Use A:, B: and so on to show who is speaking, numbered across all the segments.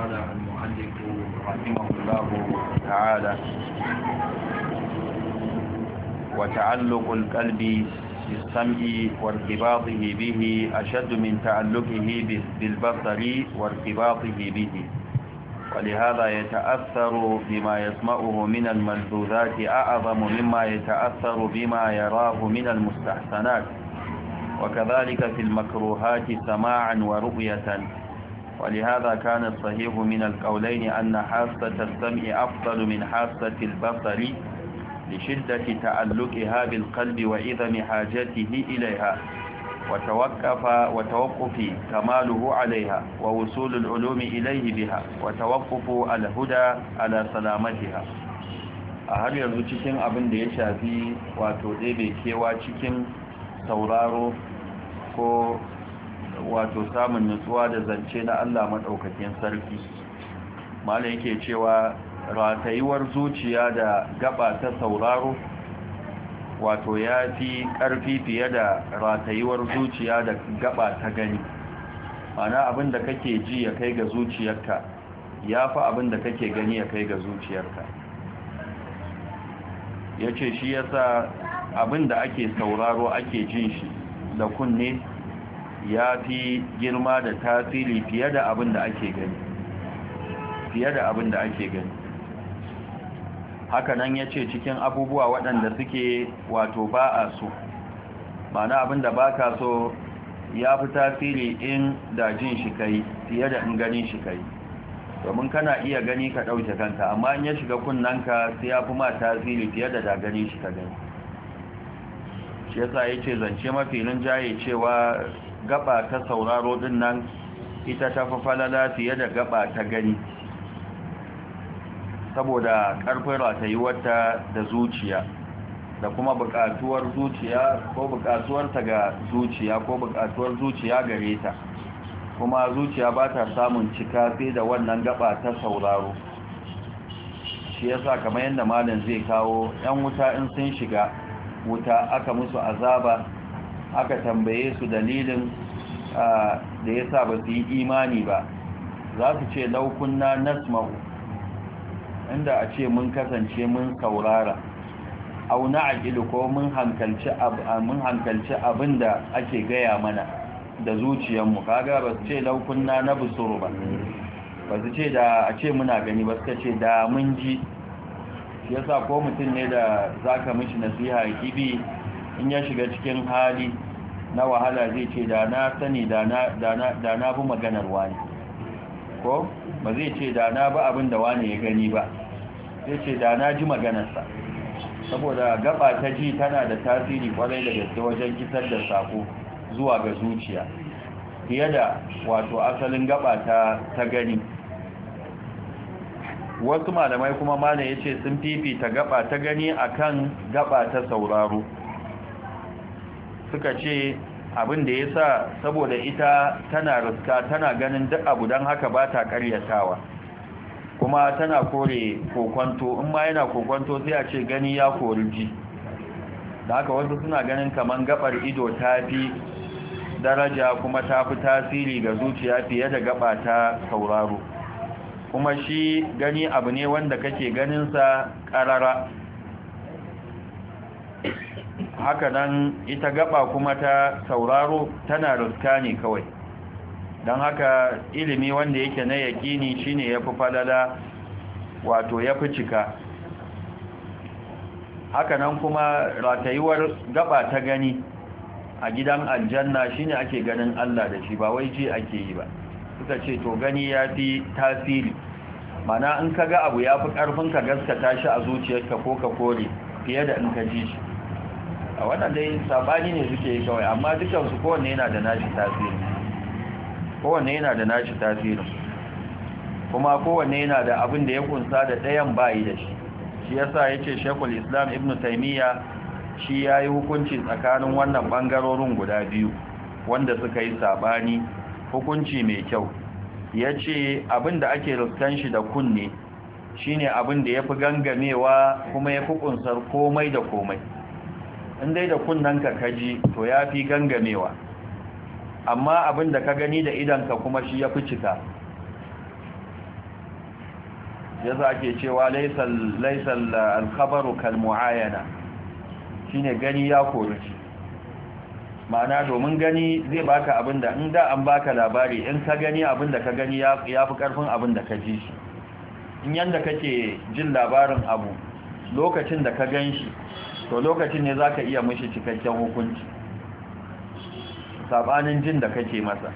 A: قال المؤلف رحمه
B: الله تعالى وتعلق القلب بالسمع وارتباطه به أشد من تعلقه بالبصر وارتباطه به ولهذا يتأثر بما يسمعه من الملذوذات أعظم مما يتأثر بما يراه من المستحسنات وكذلك في المكروهات سماعا ورؤية ولهذا كان الصحيح من القولين أن حاسة السمع أفضل من حاسة البصر لشدة تألقها بالقلب وإذم حاجته إليها وتوقف وتوقف كماله عليها ووصول العلوم إليه بها وتوقف الهدى على سلامتها a har yanzu cikin abin da ya shafi wato ɗebe kewa cikin sauraro ko wato samun nutsuwa da zance na Allah madaukakin sarki malam yake cewa ratayuwar zuciya da gaba ta sauraro wato ya fi ƙarfi fiye da ratayuwar zuciya da gaba ta gani mana abin da kake ji ya kai ga zuciyarka ya fi abin da kake gani ya kai ga zuciyarka ya ce shi yasa abin da ake sauraro ake jin shi da kunne ya fi girma da tasiri fiye da abin da ake gani fiye da abin da ake gani haka nan ya ce cikin abubuwa waɗanda suke wato ba a so mana abin da ba ka so ya fi tasiri in da jin shi kai fiye da in ganin shi kai domin kana iya gani ka ɗauke kanka amma in ya shiga kunnanka sai ya fi ma tasiri fiye da da ganin shi ka gani shi yasa ce zance mafi jaye cewa gaba ta sauraro din nan ita ta fi falala fiye da gaba ta gani saboda karfin ratayuwarta da zuciya da kuma bukatuwar zuciya ko bukatuwarta ga zuciya ko bukatuwar zuciya gare ta kuma zuciya ba ta samun cika sai da wannan gaba ta sauraro shi yasa kamar yadda malin zai kawo 'yan wuta in sun shiga wuta aka musu azaba aka tambaye su dalilin da ya sa ba su yi imani ba za su ce laukunna nasma'u inda a ce mun kasance mun saurara au na'aqilu ko mun hankalci abin da ake gaya mana da zuciyanmu kaga ba su ce laukunna busuru ba ba su ce da a ce muna gani ba suka ce da mun ji yasa ko mutum ne da zaka mishi nasiha ya kibi in ya shiga cikin hali na wahala zai ce da na sani da na bi maganar wani ko ba zai ce da na bi abin da wani ya gani ba zai ce da na ji maganarsa saboda gaba ta ji tana da tasiri kwarai da gaske wajen kisar da sako zuwa ga zuciya fiye da wato asalin gaba ta gani wasu malamai kuma malam ya ce sun fifita gaba ta gani a kan gaba ta sauraro suka ce abin da ya sa saboda ita tana riska tana ganin duk abu don haka ba ta karyatawa kuma tana kore kokwanto in ma yana kokwanto sai a ce gani ya kori ji da haka wasu suna ganin kamar gabar ido ta fi daraja kuma ta fi tasiri ga zuciya fiye da gaba ta sauraro kuma shi gani abu ne wanda kake ganinsa ƙarara haka nan ita gaba kuma ta sauraro tana ruska ne kawai don haka ilimi wanda yake na yaƙini shine ya falala wato yafi cika haka nan kuma ratayuwar gaba ta gani a gidan aljanna shine ake ganin Allah da shi ba wai ji ake yi ba suka ce to gani ya fi tasiri mana in ka ga abu ya fi ƙarfinka ka gaskata shi a zuciyarka ko ka kore fiye da in ka ji shi a wannan dai sabani ne suke yi kawai amma dukansu kowanne yana da nashi tasiri kowanne yana da nashi tasiri kuma kowanne yana da abin da ya kunsa da ɗayan bayi da shi shi sa ya ce shekul islam ibn taimiyya shi ya yi hukunci tsakanin wannan ɓangarorin guda biyu wanda suka yi sabani hukunci mai kyau ya ce abin da ake rufkan shi da kunne shine abin da ya fi gangamewa kuma ya fi kunsar komai da komai in dai da ka kaji to ya fi gangamewa amma abin da ka gani da idanka kuma shi ya fi cika ya za ke cewa laisal eh, alkhabaru kalmu'ayana ne gani ya koruci ma'ana domin gani zai baka abin da in da an baka labari in ka gani abin da ka gani ya fi karfin abin da ka ji shi in yanda kake jin labarin abu lokacin da ka gan shi to lokacin ne za ka iya mashi cikakken hukunci sabanin jin da kake masa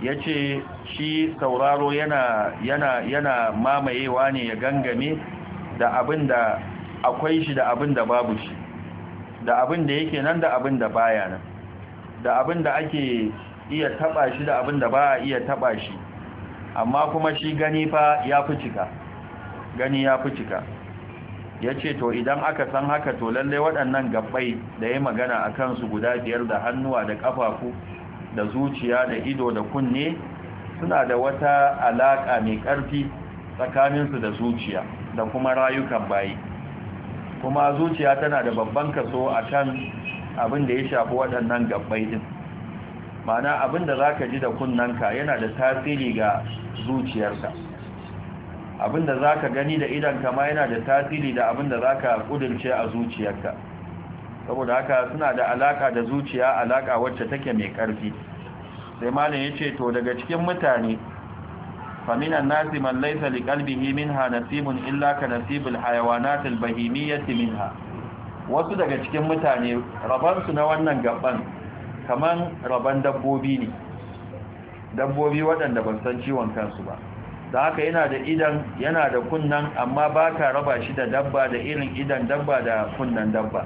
B: ya ce shi sauraro yana, yana mamayewa ne ya gangame da abin da akwai shi da abin da babu shi da abin da yake nan da abin da baya nan da abin da ake iya taba shi da abin da ba iya taba shi amma kuma shi gani fa ya fi cika gani ya fi cika ya to idan aka san haka to lallai waɗannan gabbai da yayi magana a kansu guda biyar da hannuwa da ƙafafu da zuciya da ido da kunne suna da wata alaƙa mai ƙarfi tsakaninsu da zuciya da kuma rayukan bayi kuma zuciya tana da babban kaso a kan abin da ya shafi waɗannan gabbai din mana abin da za ka ji da kunnanka yana da tasiri ga zuciyarka abin da za ka gani da idanka kama yana da tasiri da abin da za ka ƙudurce a zuciyarka saboda haka suna da alaka da zuciya alaƙa wacce take mai ƙarfi sai malin ya ce to daga cikin mutane فمن الناس من ليس لقلبه منها نصيب إلا كنصيب الحيوانات البهيمية منها wasu daga cikin mutane rabansu na wannan gaban kaman raban dabbobi ne dabbobi waɗanda ban san ciwon kansu ba da haka yana da idan yana da kunnan amma ba ka raba shi da dabba da irin idan dabba da kunnan dabba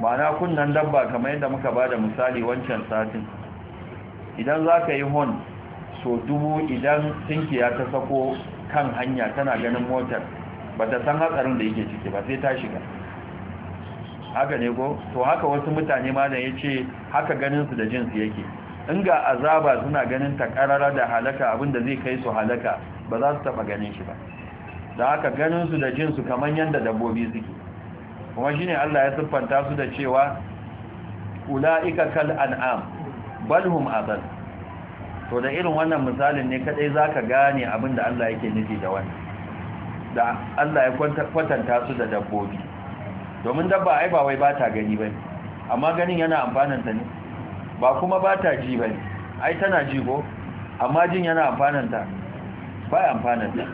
B: mana kunnan dabba kamar yadda muka ba da misali wancan satin idan za ka yi hon so dubu idan ya ta sako kan hanya tana ganin motar ba ta san hatsarin da yake ciki ba sai ta shiga haka ne ko to haka wasu mutane ma da ya ce haka ganinsu da jinsu yake in ga azaba suna ganin ta karara da halaka abinda zai kai su halaka ba za su taba ganin shi ba da haka ganinsu da jinsu kamar yadda dabbobi suke kuma shine Allah ya siffanta su da cewa ula'ika kal an'am balhum adall to da irin wannan misalin ne kadai ka gane abin da Allah yake nufi da wannan da Allah ya kwatanta su da dabbobi domin dabba ai ba wai ba ta gani bane amma ganin yana amfanan ta ne ba kuma ba ta ji bane ai tana ji ko. amma jin yana amfanan ta ba amfanan ta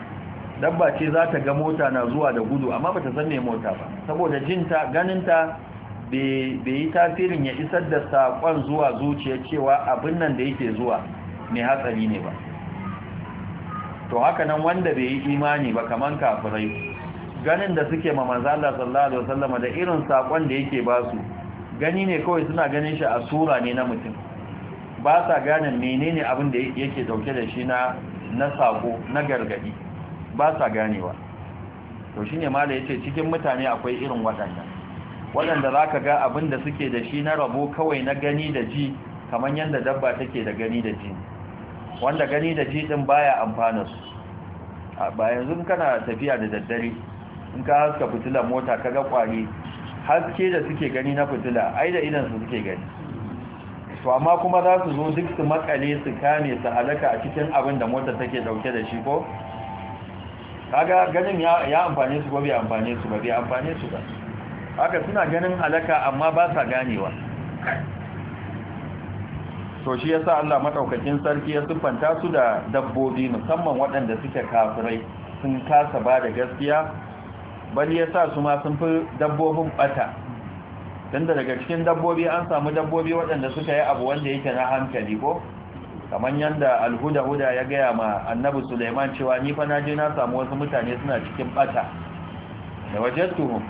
B: dabba ce za ta ga mota na zuwa da gudu amma ba ta san me mota ba saboda jinta ganinta bai yi tasirin ya isar da saƙon zuwa zuciya cewa abin nan da yake zuwa mai hatsari ne ba to haka nan wanda bai yi imani ba kaman kafirai ganin da suke ma manzo Allah sallallahu alaihi wasallam da irin sakon da yake ba su gani ne kawai suna ganin shi a sura ne na mutum ba sa gane menene abin da yake dauke da shi na na sako na gargadi ba sa ganewa to shine mala yace cikin mutane akwai irin wadannan waɗanda zaka ga abin da suke da shi na rabo kawai na gani da ji kaman yanda dabba take da gani da ji wanda gani da ji din baya amfana su ba yanzu kana tafiya da daddare in ka haska fitilar mota ka ga kwari haske da suke gani na fitila ai da idan su suke gani to amma kuma za su zo duk su makale su kame su alaka a cikin abin da motar take dauke da shi ko kaga ganin ya amfane su ko bai amfane su ba bai amfane su ba haka suna ganin alaka amma ba sa ganewa to shi yasa Allah madaukakin sarki ya siffanta su da dabbobi musamman waɗanda suke kafirai sun kasa ba da gaskiya bali yasa su ma sun fi dabbobin bata tunda daga cikin dabbobi an samu dabbobi waɗanda suka yi abu wanda yake na hankali ko kamar yanda alhuda huda ya gaya ma annabi Sulaiman cewa ni fa naje na samu wasu mutane suna cikin bata da wajadtuhum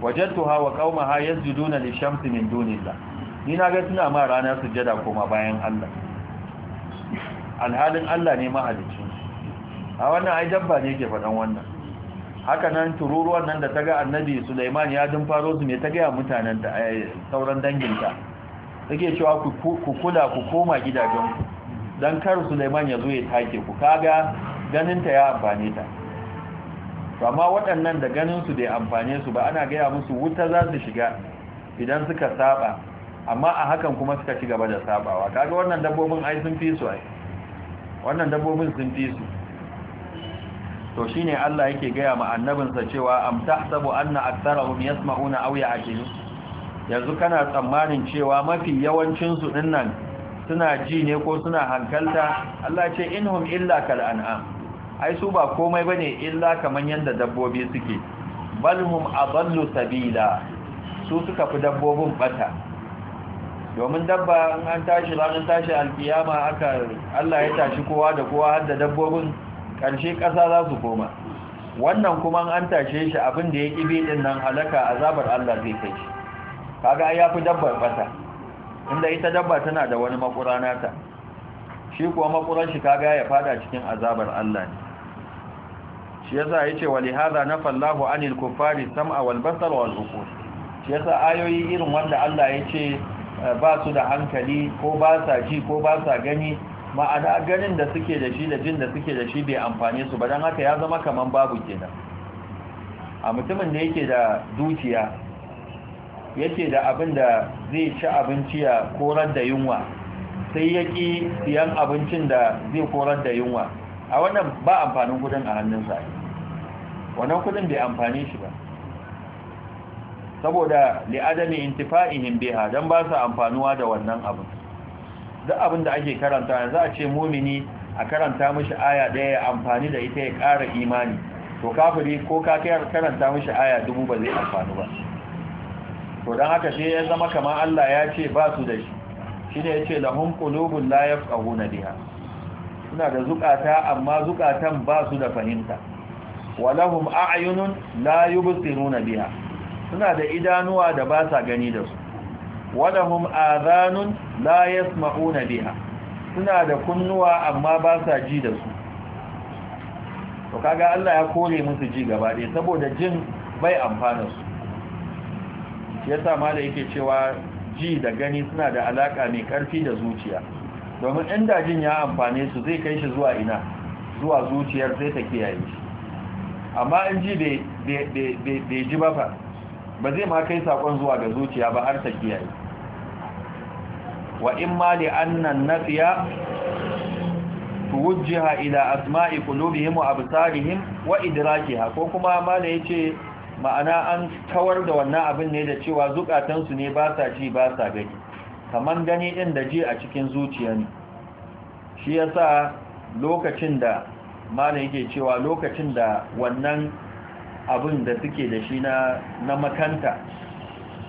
B: wajadtuha wa qaumaha yasjuduna lishamsi min dunillah ni na ga suna ma ranar sujjada kuma bayan Allah alhalin Allah ne mahalicin a wannan ai dabba ne ke faɗan wannan haka nan tururuwan nan da ta ga annabi Sulaiman ya dun faro su me ta ga mutanen ta eh, sauran danginta take cewa ku kula ku koma gidajenku dan kar Sulaiman ya zo ya take ku kaga ganin ta ya amfane ta amma waɗannan da ganin su bai amfane su ba ana gaya musu wuta za su shiga idan suka saba amma a hakan kuma suka ci gaba da sabawa kaga wannan dabbobin ai sun fi su ai wannan dabbobin sun fi su to shine Allah yake gaya ma annabinsa cewa am tahsabu anna aktharuhum yasma'una aw ya'qilu yanzu kana tsammanin cewa mafi yawancin su dinnan suna ji ne ko suna hankalta Allah ce inhum illa kal an'am ai su ba komai bane illa kaman yanda dabbobi suke balhum adallu sabila su suka fi dabbobin bata domin dabba in an tashi ranar tashi alkiyama aka Allah ya tashi kowa da kowa har da dabbobin ƙarshe ƙasa za su koma wannan kuma an tashe shi abin da ya ƙibe ɗin nan halaka azabar Allah zai kai shi kaga ya fi dabbar fata inda ita dabba tana da wani makura nata shi kuwa makuran shi kaga ya fada cikin azabar Allah ne shi yasa yace hadha nafallahu anil kuffari sam'a wal basar wal uqul shi yasa ayoyi irin wanda Allah yace Eh, ba su da hankali ko ba sa ji ko ba sa gani ma'ana ganin da suke da shi da jin da suke da shi bai amfane su ba don haka ya zama kamar babu kenan a mutumin da yake da dukiya yake da abin da zai ci abinci ya korar da yunwa sai ya ƙi siyan abincin da zai korar da yunwa a wannan ba amfanin kudin a hannunsa wannan kudin bai amfane shi ba saboda li'adami intifa'ihim biha dan ba su amfanuwa da wannan abu duk abin da ake karanta za a ce mumini a karanta mishi aya daya ya amfani da ita ya ƙara imani to kafiri ko ka karanta mishi aya dubu ba zai amfani ba to dan haka sai ya zama kamar Allah ya ce ba su da shi shine yace lahum qulubun la yafqahuna biha suna da zukata amma zukatan ba su da fahimta wa lahum a'yunun la yubsiruna biha suna da idanuwa da ba sa gani da su wadahum azanun la yasma'una biha suna da kunnuwa amma ba sa ji da su to kaga Allah ya kore musu ji gaba ɗaya saboda jin bai amfana su yasa da yake cewa ji da gani suna da alaka mai ƙarfi da zuciya domin inda jin ya amfane su zai kai shi zuwa ina zuwa zuciyar sai ta kiyaye shi amma in ji bai ji ba fa ba zai ma kai sakon zuwa ga zuciya ba har ta kiyaye wa in ma li annan nafiya tuwajjaha ila asma'i qulubihim wa absarihim wa idrakiha ko kuma ma da yace ma'ana an kawar da wannan abin ne da cewa zukatansu ne ba sa ji ba sa gani kaman gani din da ji a cikin zuciya ne shi yasa lokacin da malam yake cewa lokacin da wannan abin da suke da shi na makanta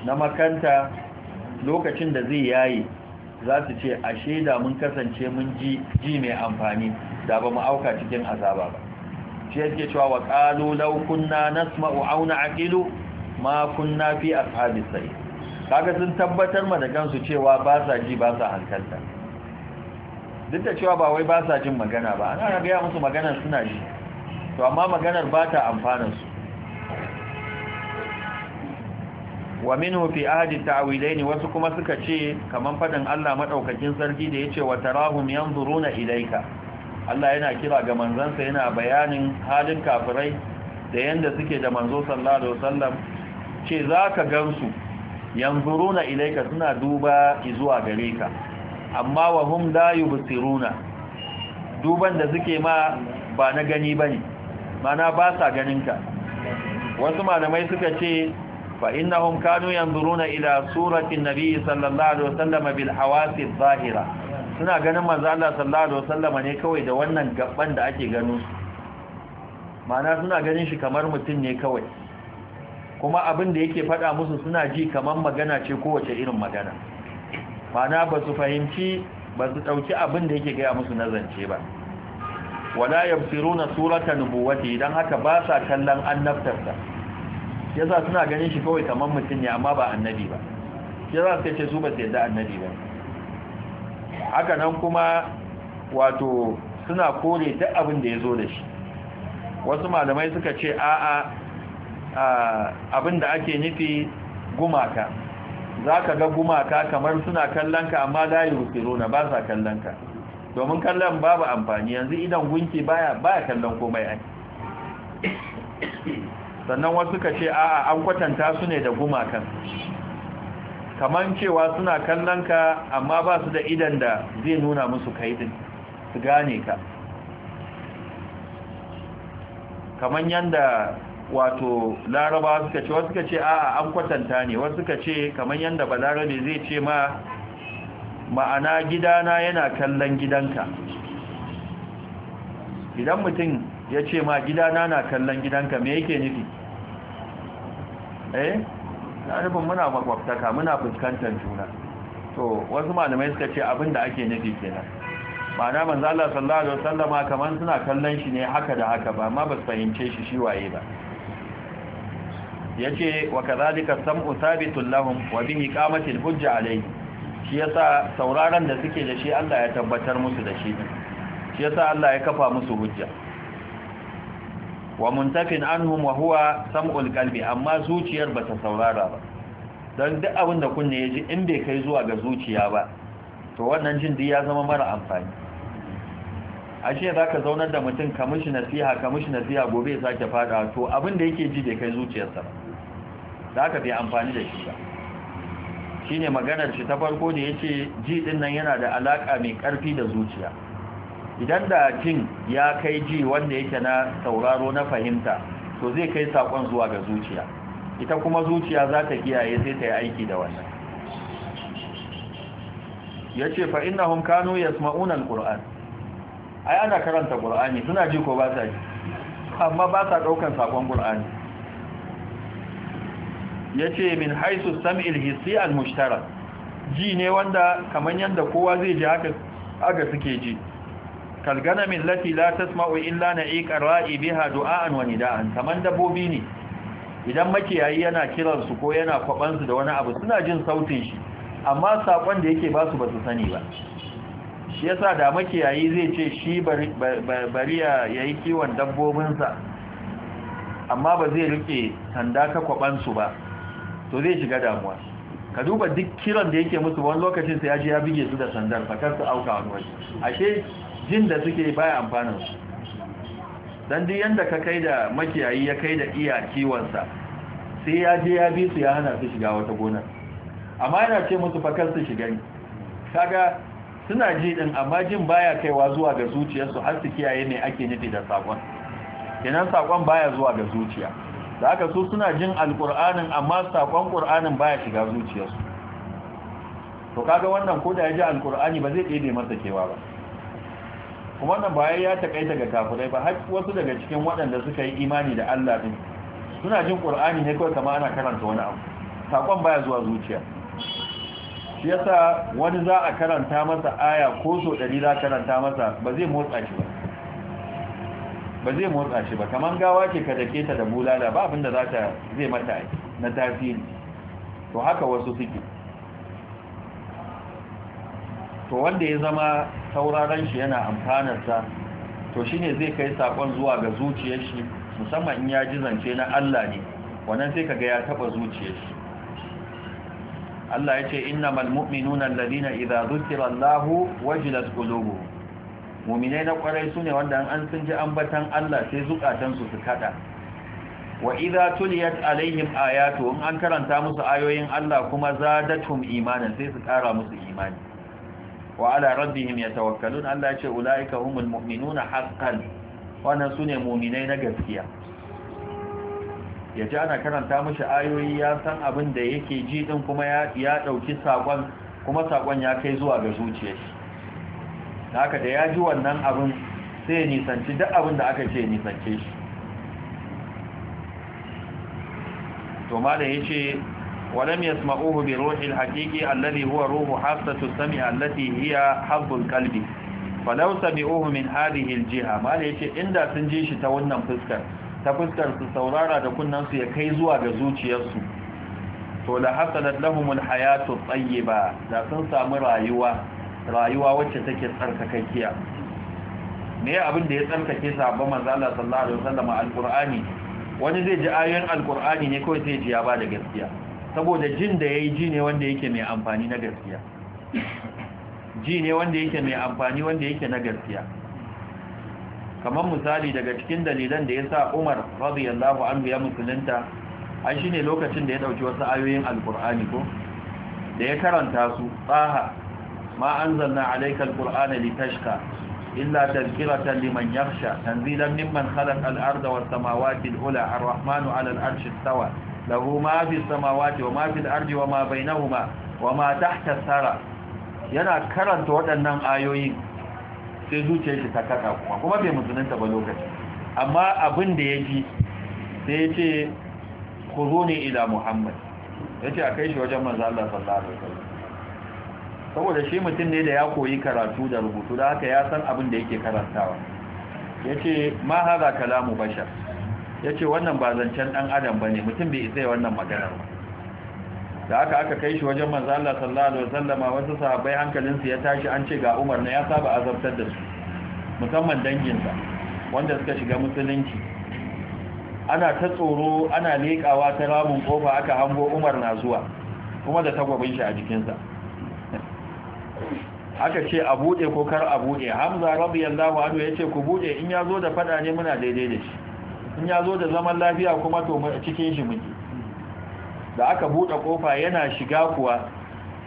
B: na makanta lokacin da zai yayi za su ce a shaida mun kasance mun ji mai amfani da ba mu auka cikin azaba ba shi yake cewa wa qalu law kunna nasma'u aw na'qilu ma kunna fi ashabis sai kaga sun tabbatar ma da kansu cewa ba sa ji ba sa hankalta duk da cewa ba wai ba sa jin magana ba ana ga ya musu magana suna ji to amma maganar ba ta amfanar su wa minhu fi ahadi ta'wilaini wasu kuma suka ce kaman fadin Allah madaukakin sarki da yace wa tarahum yanzuruna ilayka Allah yana kira ga manzansa yana bayanin halin kafirai da yanda suke da manzo sallallahu alaihi wasallam ce zaka gansu yanzuruna ilayka suna duba zuwa gare ka amma wa hum la yubsiruna duban da suke ma ba na gani bane mana ba sa ganin ka. wasu malamai suka ce فإنهم كانوا ينظرون إلى صورة النبي صلى الله عليه وسلم بالحواس الظاهرة suna ganin manzo sallallahu alaihi wasallam ne kawai da wannan gabban da ake gano ma'ana suna ganin shi kamar mutum ne kawai kuma abin da yake faɗa musu suna ji kamar magana ce kowace irin magana ma'ana ba su fahimci ba su ɗauki abin da yake gaya musu nazance ba wala yabsiruna surata nubuwati dan haka ba sa kallon annabtarsa ya za suna ganin shi kawai kamar mutum ne amma ba annabi ba shi suka ce su ba su yadda annabi ba haka nan kuma wato suna kore duk abin da ya zo da shi wasu malamai suka ce a'a abin da ake nufi gumaka za ka ga gumaka kamar suna kallon ka amma layi na ba sa kallon ka domin kallon babu amfani yanzu idan gunki baya baya kallon komai ai sannan wasu ka ce a'a an kwatanta su ne da gumakan kamar cewa suna kallon ka amma ba su da idan da zai nuna musu kai su gane ka kaman yanda wato laraba suka ce wasu ka ce a'a an kwatanta ne wasu ka ce kaman yanda larabe zai ce ma ma'ana gidana yana kallon gidanka idan mutum ya ce ma gidana na kallon gidanka me yake nufi eh na nufin muna makwabtaka muna fuskantar juna to wasu malamai suka ce abin da ake nufi kenan ma'ana manzo Allah sallallahu alaihi wasallama kaman suna kallon shi ne haka da haka ba ma ba su fahimce shi shi waye ba yace wa kadhalika sam'u thabitun lahum wa bihi qamatil hujja alayhi shi yasa sauraron da suke da shi Allah ya tabbatar musu da shi shi yasa Allah ya kafa musu hujja wa muntafin anhum wa huwa sam'ul qalbi amma zuciyar bata saurara ba dan duk abin da kunne yaji in bai kai zuwa ga zuciya ba to wannan jin ya zama mara amfani ashe zaka zaunar da mutum ka mishi nasiha ka mishi nasiha gobe sake fada to abin da yake ji bai kai zuciyarsa ba zaka bai amfani da shi ba shine maganar shi ta farko da yace ji din yana da alaka mai karfi da zuciya idan da jin ya kai ji wanda yake na sauraro na fahimta to zai kai sakon zuwa ga zuciya ita kuma zuciya za ta kiyaye sai ta yi aiki da wannan ya ce fa'innahun kanu ya sma'unan ƙur'an ai ana karanta ƙur'ani suna ji ko ba sa ji amma ba sa ɗaukan sakon ƙur'ani ya ce min haisu sam'il hissi al-mushtara ji ne wanda kamar yadda kowa zai ji haka suke ji kalgana min lati la tasma'u illa na'iqa ra'i biha du'aan wa nida'an kaman dabbobi ne idan makiyayi yana kiran su ko yana kwaban su da wani abu suna jin sautin shi amma sakon da yake ba su ba su sani ba shi yasa da makiyayi zai ce shi bari ya yi kiwon dabbobinsa amma ba zai rike sanda ta kwaban su ba to zai shiga damuwa ka duba duk kiran da yake musu wani lokacin sai ya je ya bige su da sandar fakar su auka wani waje ashe jin da suke baya amfanin su dan duk yanda ka kai da makiyayi ya kai da iya kiwonsa sai ya je ya bi su ya hana su shiga wata gonar amma yana ce musu fakar su shiga ne kaga suna ji din amma jin baya kaiwa zuwa ga zuciyarsu har su kiyaye ne ake nufi da sakon kenan sakon baya zuwa ga zuciya da haka su suna jin alkur'anin amma sakon qur'anin baya shiga zuciyarsu to kaga wannan ko da ya ji alkur'ani ba zai ɗebe masa kewa ba kuma wannan ba ya takaita ga kafirai ba har wasu daga cikin waɗanda suka yi imani da Allah din suna jin ƙur'ani ne kawai kama ana karanta wani abu sakon baya zuwa zuciya shi yasa wani za a karanta masa aya ko so ɗari za karanta masa ba zai motsa shi ba ba zai motsa shi ba kamar gawa ce ka dake ta da bulala ba abinda za ta zai mata na tasiri to haka wasu suke to wanda ya zama sauraron shi yana amfanar sa, to shine zai kai sakon zuwa ga zuciyar shi musamman in ya ji zance na Allah ne wannan sai kaga ya taba zuciyar shi Allah ya ce innamal mu'minuna alladhina idza dhukira Allahu wajilat qulubuhum mu'minai na kwarai sune wanda an sun ji ambatan Allah sai zukatansu su kada wa idza tuliyat alaihim ayatu in an karanta musu ayoyin Allah kuma zadatum imanan sai su kara musu imani wa ala rabbihim yatawakkalun Allah yace ce ulaika humul mu'minuna haqqan wannan sune mu'minai na gaskiya yaje ana karanta mishi ayoyi ya san abin da yake ji din kuma ya ya dauki sakon kuma sakon ya kai zuwa ga zuciyar shi haka da ya ji wannan abin sai ya nisanci duk abin da aka ce nisance shi to malam yace ولم يسمعوه بروح الحقيقي الذي هو روح حاسة السمع التي هي حظ القلب فلو سمعوه من هذه الجهة ما ليش إن دا سنجيش تونا فسكر تفسكر سورارا تكون نفسي يكيزوا بزوج يسو ولا حصلت لهم الحياة الطيبة لا تنسى مرايوة رايوة وشتك تركككيا me abin da ya tsarkake sabon manzo Allah sallallahu alaihi wasallam alqur'ani wani zai ji ayoyin alqur'ani ne kawai sai ji ya ba da gaskiya saboda jin da ya yi ji ne wanda yake mai amfani na gaskiya ji ne wanda yake mai amfani wanda yake na gaskiya kamar misali daga cikin dalilan da ya sa umar radiyallahu an ya musulunta an shi ne lokacin da ya ɗauki wasu ayoyin alkur'ani ko da ya karanta su tsaha ma an zanna alaika alkur'ana litashka illa tazkiratan liman yakhsha tanzilan mimman khalaqa al-arda was samawati al-ula ar-rahmanu 'ala al-'arshi istawa lahu ma fi samawati wa ma fi al-ardi wa wa ma tahta yana karanta waɗannan ayoyin sai zuciya shi ta kasa kuma kuma bai musulunta ba lokaci amma abin da ya ji sai ya ce ila muhammad ya ce a kai shi wajen manzo Allah sallallahu alaihi wasallam saboda shi mutum ne da ya koyi karatu da rubutu da haka ya san abin da yake karantawa ya ce ma haza kalamu bashar ya ce wannan ba zancen ɗan adam ba ne mutum bai isai wannan maganar ba da aka aka kai shi wajen manzo Allah sallallahu alaihi wasallama wasu sahabbai hankalinsu ya tashi an ce ga Umar ne ya saba azabtar da su musamman danginsa wanda suka shiga musulunci ana ta tsoro ana leƙawa ta ramin kofa aka hango Umar na zuwa kuma da tagwabin shi a jikinsa aka ce a buɗe ko kar a buɗe Hamza radiyallahu ya ce ku buɗe in ya zo da faɗa ne muna daidai da shi in ya zo da zaman lafiya kuma to cikin shi muke da aka buɗe ƙofa yana shiga kuwa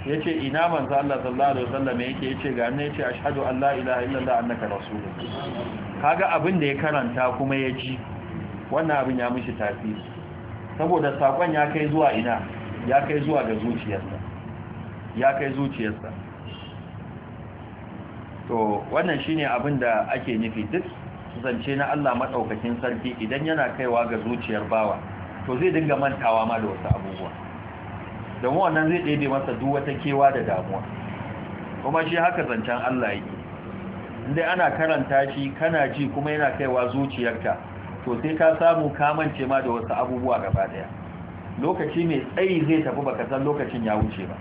B: ya ce ina manzo Allah sallallahu alaihi wasallam yake yace ga annabi yace ashhadu an la ilaha illallah annaka rasulullah kaga abin da ya karanta kuma ya ji wannan abin ya mishi tasiri saboda sakon ya kai zuwa ina ya kai zuwa ga zuciyarsa ya kai zuciyarsa to wannan shine abin da ake nufi duk zance na Allah maɗaukakin sarki idan yana kaiwa ga zuciyar bawa to zai dinga mantawa ma da wasu abubuwa don wannan zai ɗebe masa duk wata kewa da damuwa kuma shi haka zancen Allah yake inda ana karanta shi kana ji kuma yana kaiwa zuciyarka to sai ka samu ka kamance ma da wasu abubuwa gaba daya lokaci mai tsayi zai tafi baka san lokacin ya wuce ba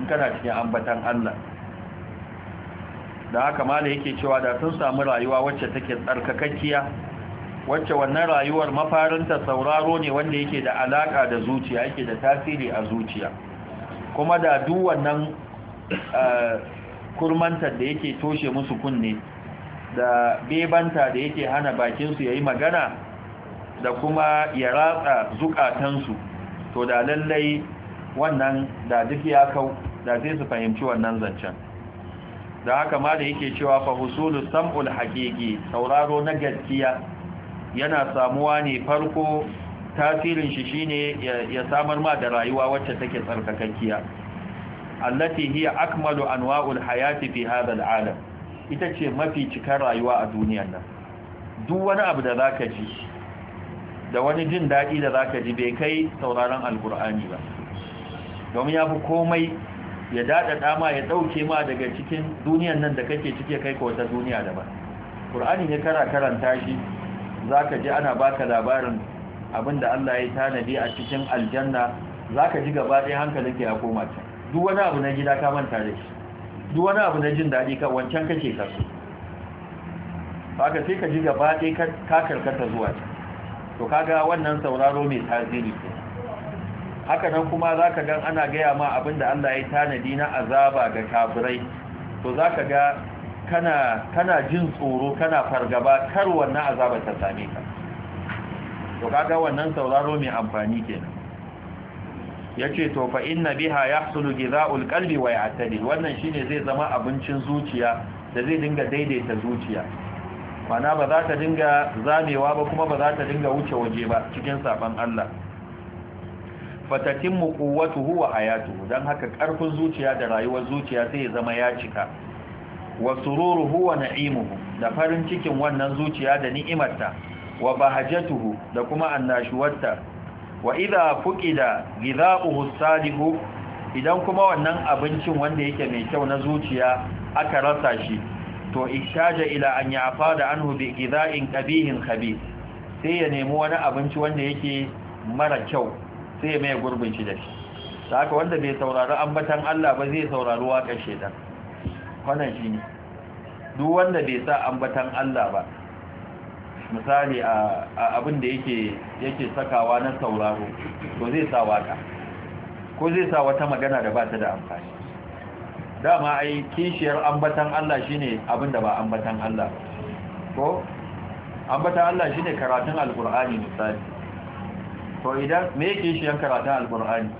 B: in kana cikin ambatan Allah da haka mala yake cewa da sun samu rayuwa wacce take tsarkakakkiya wacce wannan rayuwar mafarinta sauraro ne wanda yake da alaka da zuciya yake da tasiri a zuciya kuma da duk wannan eh, kurmantar da yake toshe musu kunne da bebanta da yake hana bakinsu ya yi magana da kuma ya ratsa zukatansu to da lallai wannan da duk ya kau da zai su fahimci wannan zancen da haka ma da yake cewa fa husulu sam'ul haqiqi sauraro na gaskiya yana samuwa ne farko tasirin shi shine ya samar ma da rayuwa wacce take tsarkakakkiya allati hiya akmalu anwa'ul hayati fi hadha al'alam ita ce mafi cikar rayuwa a duniyar nan duk wani abu da zaka ji da wani jin dadi da zaka ji bai kai sauraron alqur'ani ba domin yafi komai ya dada dama ya dauke ma daga cikin duniyan nan da kake cike kai ka wata duniya daban qur'ani ne kara karanta shi zaka ji ana baka labarin abinda Allah ya tanadi a cikin aljanna zaka ji gaba ɗaya hankalinka ya koma ta duk wani abu na gida ka manta da shi duk wani abu na jin daɗi ka wancan kake so baka sai ka ji gaba ɗaya ka karkata zuwa ta, to kaga wannan sauraro mai tasiri ne haka nan kuma za ka gan ana gaya ma abin da Allah ya tanadi na azaba ga kafirai to za ka ga kana jin tsoro kana fargaba kar wannan azaba ta same ka to kaga wannan sauraro mai amfani kenan ce to fa inna biha yahsulu giza'ul qalbi wa ya'tadil wannan shine zai zama abincin zuciya da zai dinga daidaita zuciya mana ba za ta dinga zamewa ba kuma ba za ta dinga wuce waje ba cikin saban Allah fatatimmu quwwatuhu wa hayatuhu dan haka karfin zuciya da rayuwar zuciya sai zama ya cika wa sururuhu wa na'imuhu da farin cikin wannan zuciya da ni'imarta wa bahajatuhu da kuma annashuwarta wa idha fuqida ghidha'uhu salihu idan kuma wannan abincin wanda yake mai kyau na zuciya aka rasa shi to ihtaja ila an ya'fada anhu bi ghidha'in qabihin khabith sai ya nemi wani abinci wanda yake mara kyau sai ya mai gurbin shi da shi ta haka wanda bai saurari ambatan Allah ba zai saurari waƙar shaidan wannan shi ne duk wanda bai sa ambatan Allah ba misali a abin da yake yake sakawa na sauraro to zai sa waka ko zai sa wata magana da ba ta da amfani dama ai kishiyar ambatan Allah shine abin da ba ambatan Allah ba? ko ambatan Allah shine karatun alkur'ani misali to idan me yake shi yan karatu alqur'ani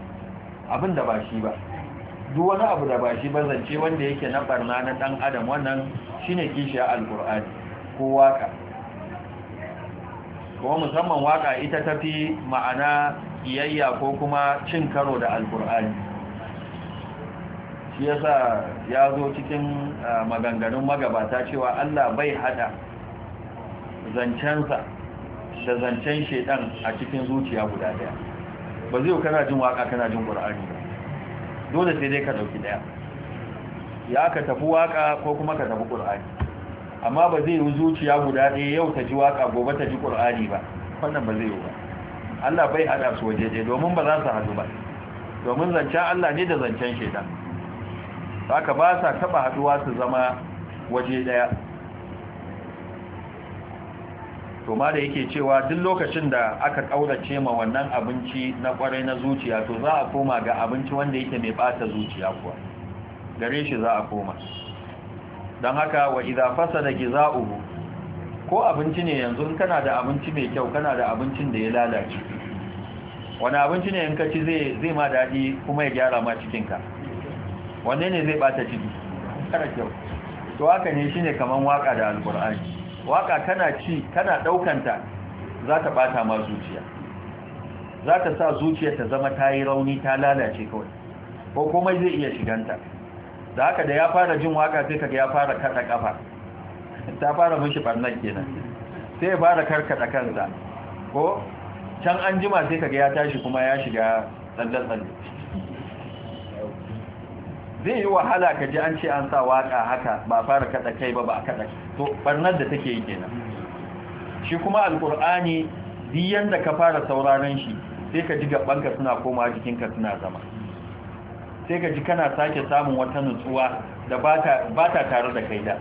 B: abin da ba shi ba duk wani abu da ba shi ba zance wanda yake na barna na ɗan adam wannan shine kishi alqur'ani ko waka ko musamman waka ita tafi ma'ana iyayya ko kuma cin karo da alqur'ani shi yasa ya zo cikin eh, maganganun magabata cewa Allah bai hada zancensa da zancen shaidan a cikin zuciya guda daya ba zai kana jin waka kana jin qur'ani ba dole sai dai ka dauki daya ya ka tafi waka ko kuma ka tafi qur'ani amma ba zai yi zuciya guda daya yau ta ji waka gobe ta ji qur'ani ba wannan ba zai yi ba Allah bai hada su waje dai domin ba za su hadu ba domin zancen Allah ne da zancen shaidan haka ba sa taba haduwa su zama waje daya to ma da yake cewa duk lokacin da aka kaurace ma wannan abinci na kwarai na zuciya to za a koma ga abinci wanda yake mai bata zuciya kuwa gare shi za a koma don haka wa idza fasada giza'uhu ko abinci ne yanzu kana da abinci mai kyau kana da abincin da ya lalace wani abinci ne yanka ci zai zai ma dadi kuma ya gyara ma cikinka wanne ne zai bata ciki Kada kyau to haka ne shine kaman waka da alqur'ani waka kana ci kana ɗaukanta za ta ɓata ma zuciya za ta sa zuciya ta zama ta yi rauni ta lalace kawai ko komai zai iya shiganta da haka da ya fara jin waka sai kaga ya fara kada ƙafa ta fara mushi ɓarnar kenan sai ya fara karkada kansa ko can an jima sai kaga ya tashi kuma ya shiga tsalle-tsalle zai yi wahala ka ji an ce an sa waka haka ba fara kada kai ba ba kada to barnar da take yi kenan shi kuma alkur'ani duk yanda ka fara sauraron shi sai ka ji ka suna komawa jikinka suna zama sai ka ji kana sake samun wata nutsuwa da ba ta tare da kai da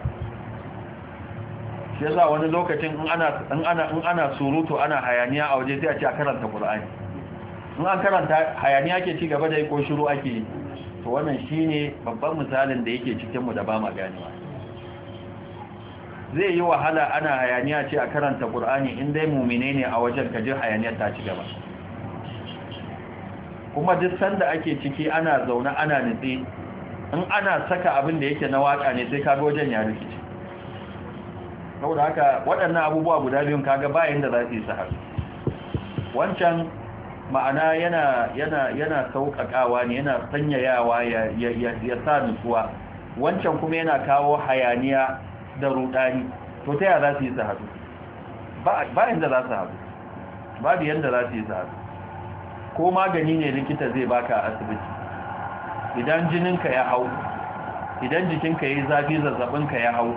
B: shi yasa wani lokacin in ana surutu ana hayaniya a waje sai a ce a karanta ƙur'ani in an karanta hayaniya ke ci gaba da yi ko shiru ake yi to wannan shine babban misalin da yake cikin mu da ba ma ganewa zai yi wahala ana hayaniya ce a karanta qur'ani in dai mumine ne a wajen kaje hayaniyar ta ci gaba kuma duk sanda ake ciki ana zaune ana nitsi in ana saka abin da yake na waka ne sai kaga wajen ya rikici saboda haka waɗannan abubuwa guda biyun kaga bayan da za su yi sahar wancan ma'ana yana yana yana sauƙaƙawa ne yana sanyayawa ya ya ya sa nutsuwa wancan kuma yana kawo hayaniya da rudani to ta ya za su yi su haɗu ba yanda za su haɗu babu yanda za su yi su haɗu ko magani ne likita zai baka a asibiti idan jininka ya hau idan jikinka ya yi zafi zazzabinka ya hau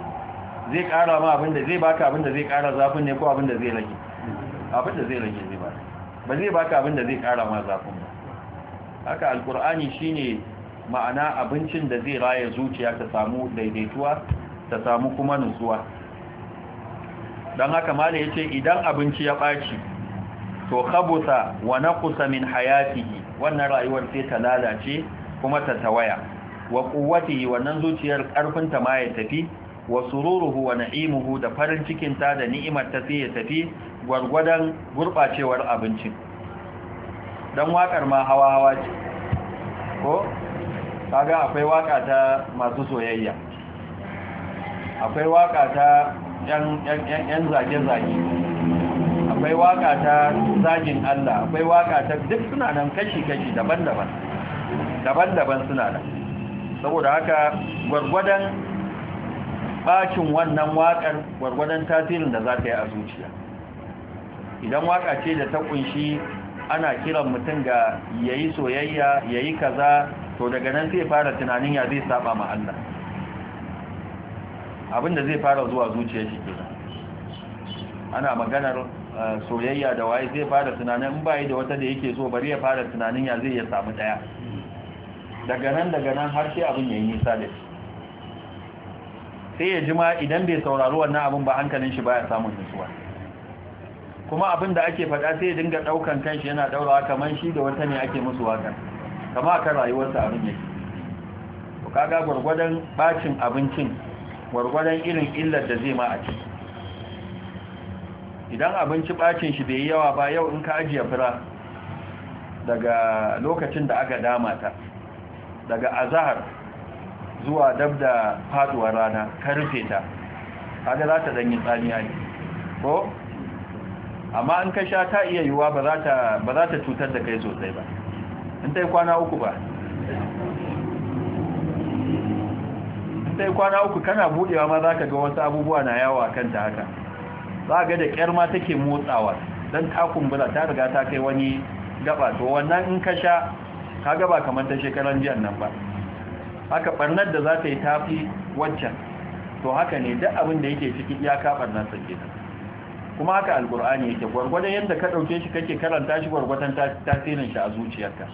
B: zai kara ma abinda zai baka abinda zai kara zafin ne ko abinda zai rage abinda zai rage ba zai baka abin da zai kara ma zafin ba haka alkur'ani shine ma'ana abincin da zai raya zuciya ta samu daidaituwa ta samu kuma nutsuwa don haka mala ya ce idan abinci ya ɓaci to khabuta wa naqsa min hayatihi wannan rayuwar sai ta lalace kuma ta tawaya wa quwwatihi wannan zuciyar karfin ta ma ya tafi wa sururuhu wa na'imuhu da farin cikin ta da ni'imar ta sai ya tafi gwargwadon gurbacewar abincin dan wakar ma hawa hawa ce ko kaga akwai waka ta masu soyayya akwai waka ta yan zage-zage akwai waka ta zagin Allah akwai waka ta duk suna nan kashi-kashi daban-daban daban-daban suna nan saboda haka gwargwadon Bakin wannan wakar gwargwadon tasirin da za ta yi a zuciya idan waka ce da ta kunshi ana kiran mutum ga ya yi soyayya ya yi kaza to daga nan zai fara tunanin ya zai saba ma Allah abinda zai fara zuwa zuciya shi ke ana maganar eh, soyayya da waye zai fara tunanin in bayi da wata da yake so bari ya fara tunanin ya zai ya samu daya daga nan daga nan har sai abin ya yi nisa da shi sai ya jima idan bai saurari wannan abin ba hankalin shi baya samun nutsuwa kuma abin da ake faɗa sai ya dinga ɗaukan kanshi yana ɗaurawa kamar shi da wata ne ake musu wakan kama kan rayuwarsa abin yake to kaga gwargwadon bacin abincin gwargwadon irin illar da zai ma a ci. idan abinci bacin shi bai yi yawa ba yau in ka ajiye fura daga lokacin da aka dama ta daga azahar zuwa dab da faduwar rana ka rufe ta kaga za ta danyi tsamiya ne ko amma an ka sha ta iya yiwuwa ba za ta cutar da kai sosai ba in ta yi kwana uku ba in ta kwana uku kana budewa ma za ka ga wasu abubuwa na yawa ta haka za ga da ƙyar ma take motsawa don ta bula ta riga ta kai wani gaba to wannan in ka sha ka gaba kamar ta shekaran jiyan nan ba haka barnar da za ta yi tafi wancan to haka ne duk abin da yake ciki iyaka barnar sa kenan kuma haka alkur'ani yake gurgurdan yadda ka dauke shi kake karanta shi ta tasirin shi a zuciyarka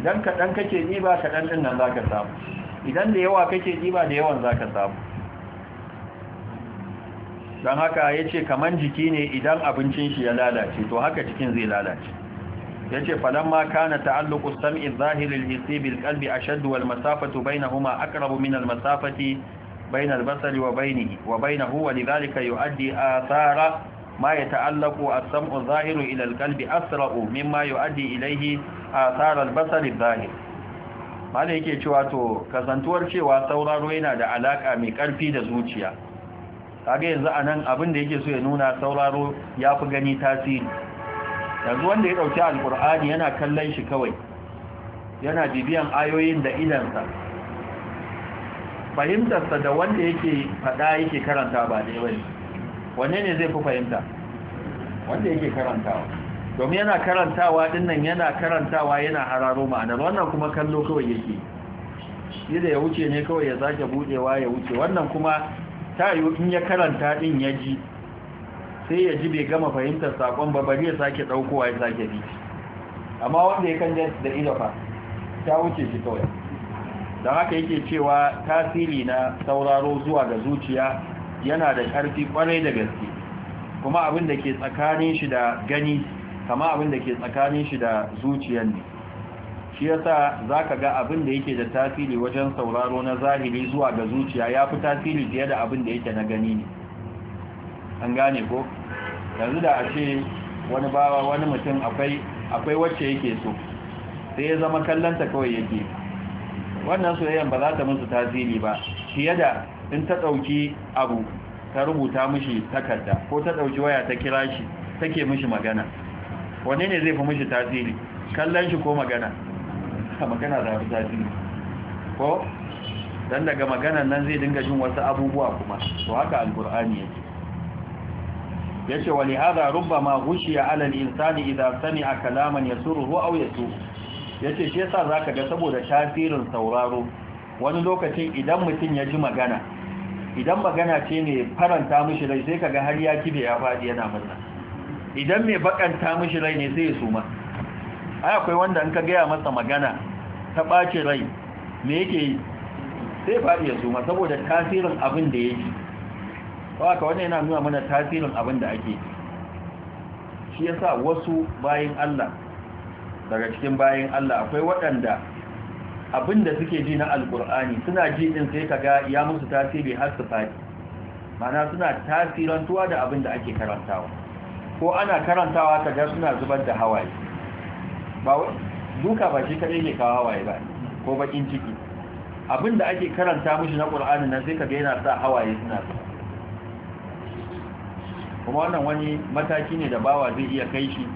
B: idan ka dan kake diba ka dan din nan zaka samu idan da yawa kake diba da yawan zaka samu dan haka yace kaman jiki ne idan abincin shi ya lalace to haka cikin zai lalace yace falamma kana ta'alluqu as-sam'i adh-dhahiri al-hissi bil-qalbi ashadd wal-masafatu bainahuma aqrabu min al-masafati bain al-basari wa bainihi wa bainahu wa lidhalika yu'addi athara ma yata'allaqu as-sam'u adh-dhahiru ila al-qalbi asra'u mimma yu'addi ilayhi athara al-basari adh-dhahir malai yake cewa to kasantuwar cewa sauraro yana da alaka mai karfi da zuciya kage yanzu anan abin da yake so ya nuna sauraro yafi gani tasiri yanzu wanda ya dauki alkur'ani yana kallon shi kawai yana bibiyan ayoyin da idansa fahimtarsa da wanda yake fada yake karanta ba da yawan wanne ne zai fi fahimta wanda yake karantawa domin yana karantawa dinnan yana karantawa yana hararo ma'anar wannan kuma kallo kawai yake shi da ya wuce ne kawai ya zage budewa ya wuce wannan kuma ta yi in ya karanta din ya ji sai ya ji bai gama fahimtar sakon ba bari ya sake daukowa ya sake bi amma wanda ya kan da ido ta wuce shi kawai don haka yake cewa tasiri na sauraro zuwa ga zuciya yana da karfi kwarai da gaske kuma abin da ke tsakanin shi da gani kama abin da ke tsakanin shi da zuciyan ne shi yasa zaka ga abin da yake da tasiri wajen sauraro na zahiri zuwa ga zuciya ya fi tasiri fiye da abin da yake na gani ne an gane ko yanzu da a ce wani bawa wani mutum akwai wacce yake so sai ya zama kallanta kawai yake wannan soyayyan ba za ta musu tasiri ba fiye da in ta ɗauki abu ta rubuta mishi takarda ko ta ɗauki waya ta kira shi take mishi magana wane ne zai fi mishi tasiri kallon shi ko magana magana za fi tasiri ko dan daga maganan nan zai dinga jin wasu abubuwa kuma to haka alkur'ani yake yace wali hada rubbama ghushiya ala al-insani idha sami'a kalaman yasuruhu aw yasu yace shi yasa zaka ga saboda tasirin sauraro wani lokacin idan mutum ya ji magana idan magana ce ne faranta mishi rai sai kaga har ya kibe ya fadi yana murna idan mai bakanta mishi rai ne sai ya suma ai akwai wanda in ka ga ya masa magana ta bace rai me yake sai fadi ya suma saboda tasirin abin da yake ba ka wannan yana nuna mana tasirin abin da ake shi yasa wasu bayin Allah daga cikin bayin Allah akwai waɗanda abin da suke ji na alkur'ani suna ji din sai kaga ya musu tasiri har su fadi ma'ana suna tasirantuwa da abin da ake karantawa ko ana karantawa kaga suna zubar da hawaye ba duka ba shi kaɗai ne kawo hawaye ba ko bakin ciki abin da ake karanta mushi na ƙur'ani nan sai kaga yana sa hawaye suna zuba kuma wannan wani mataki ne da bawa zai iya kai shi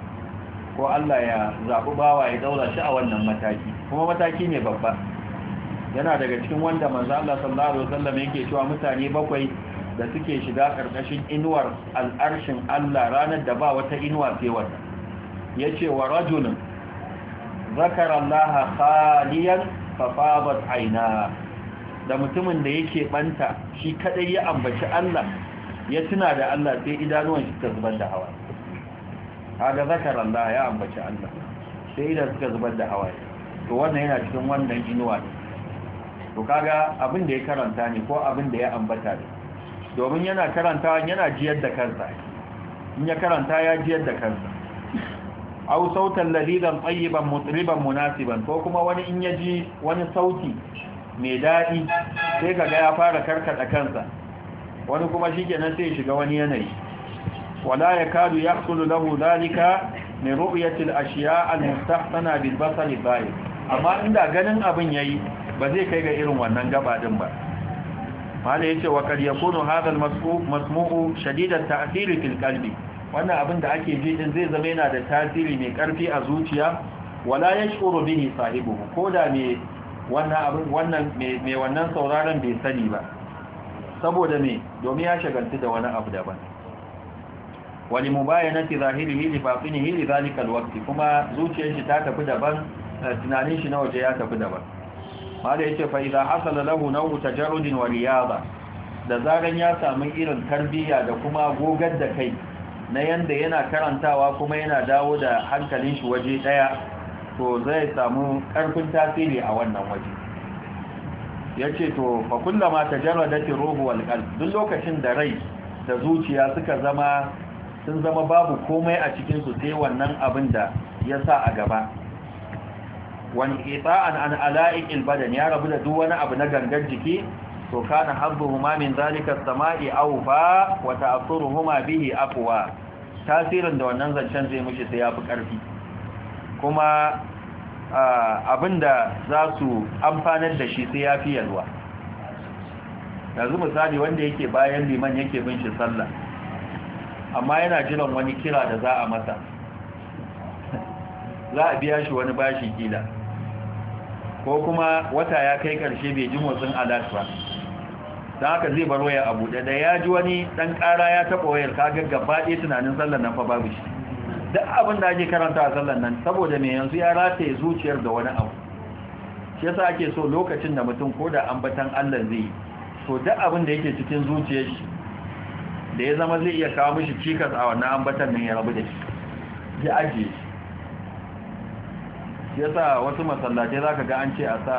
B: ko Allah ya zaɓi bawa ya daura shi a wannan mataki kuma mataki ne babba yana daga cikin wanda manzo Allah sallallahu alaihi wasallam yake cewa mutane bakwai da suke shiga karkashin inuwar al'arshin Allah ranar da ba wata inuwa sai Ya yace wa rajulun zakara Allah khaliyan fa aina da mutumin da yake banta shi kadai ya ambaci Allah ya tuna da Allah sai idanuwan shi ta zubar da hawa kaga zakar Allah ya ambaci Allah sai idan suka zubar da hawa to wannan yana cikin wannan inuwa ne to kaga abin da ya karanta ne ko abin da ya ambata ne domin yana karanta yana jiyar da kansa in ya karanta ya jiyar da kansa aw sautan ladidan tayyiban mutriban munasiban ko kuma wani in ya ji wani sauti mai daɗi sai kaga ya fara karkata kansa wani kuma shi shikenan sai shiga wani yanayi wala yakadu yahsulu lahu mai min ru'yati al-ashya' al-mustahsana bil basar al amma inda ganin abin yayi ba zai kai ga irin wannan gaba ba mala yace wa kad yakunu hadha al-masmu'u masmu'u shadidat ta'thir fil qalbi wannan abin da ake ji din zai zama yana da tasiri mai karfi a zuciya wala yashuru bihi sahibuhu koda me wannan abin wannan me wannan sauraron bai sani ba saboda me domin ya shagaltu da wani abu daban wani mubayanati zahirihi li batinihi hili zalika alwaqti kuma zuciyar shi ta tafi daban eh, tunanin shi na waje ya tafi daban da yace fa idza hasala lahu ta tajarrudin wa riyada da zaran ya samu irin tarbiyya da kuma gogar da kai na yanda yana karantawa kuma yana dawo da hankalin shi waje daya to zai samu karfin tasiri a wannan waje ya ce to fa kullama ta ruhu wal qalb duk lokacin da rai da zuciya suka zama sun zama babu komai a cikin su sai wannan abin da ya sa a gaba wani ita'an an ala'iqil badan ya rabu da duk wani abu na gangar jiki to kana hazzuhuma min zalika as-sama'i awfa wa ta'assuruhuma bihi aqwa tasirin da wannan zancen zai mushi sai fi karfi kuma Ah, abin da za su amfanar da shi sai ya fi yalwa yanzu misali wanda yake bayan liman yake bin shi sallah amma yana jiran wani kira da za a masa za a biya shi wani bashi kila ko kuma wata ya kai karshe bai ji motsin alas ba don haka zai bar waya abu da ya ji wani ɗan ƙara ya taɓa wayar kaga gaba ɗaya tunanin sallar na fa babu shi duk abin da ake karanta a sallan nan saboda me yanzu ya rataye zuciyar da wani abu shi yasa ake so lokacin da mutum ko da ambatan Allah zai so duk abin da yake cikin zuciyar shi da ya zama zai iya kawo mishi cikas a wannan ambatan nan ya rabu da shi ya ajiye shi yasa wasu masallatai zaka ga an ce a sa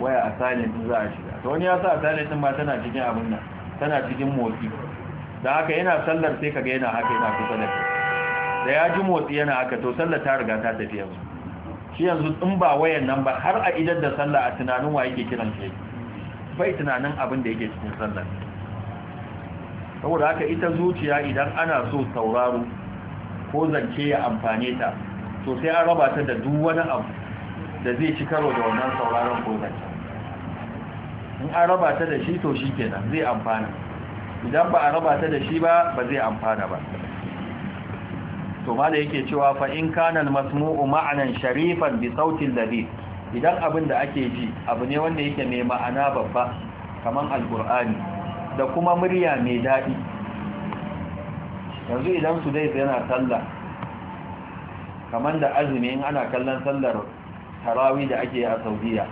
B: waya a silent za a shiga to wani ya sa a silent din ma tana cikin abin nan tana cikin motsi da haka yana sallar sai kaga yana haka yana kusa da kai da ya ji motsi yana aka to sallar ta riga ta tafi yanzu shi yanzu in ba wayan nan ba har a idan da sallah a tunanin wa yake kiran shi bai tunanin abin da yake cikin sallar saboda haka ita zuciya idan ana so sauraro ko zance ya amfane ta to sai an raba ta da duk wani abu da zai ci karo da wannan sauraron ko zance in an raba ta da shi to shi kenan zai amfana idan ba a raba ta da shi ba ba zai amfana ba to ma da yake cewa fa in kana masmu'u ma'anan sharifan bi sautin labib idan abin da ake ji abu ne wanda yake mai ma'ana babba kaman alqur'ani da kuma murya mai dadi yanzu idan su dai yana sallah kaman da azumi in ana kallon sallar tarawih da ake a Saudiya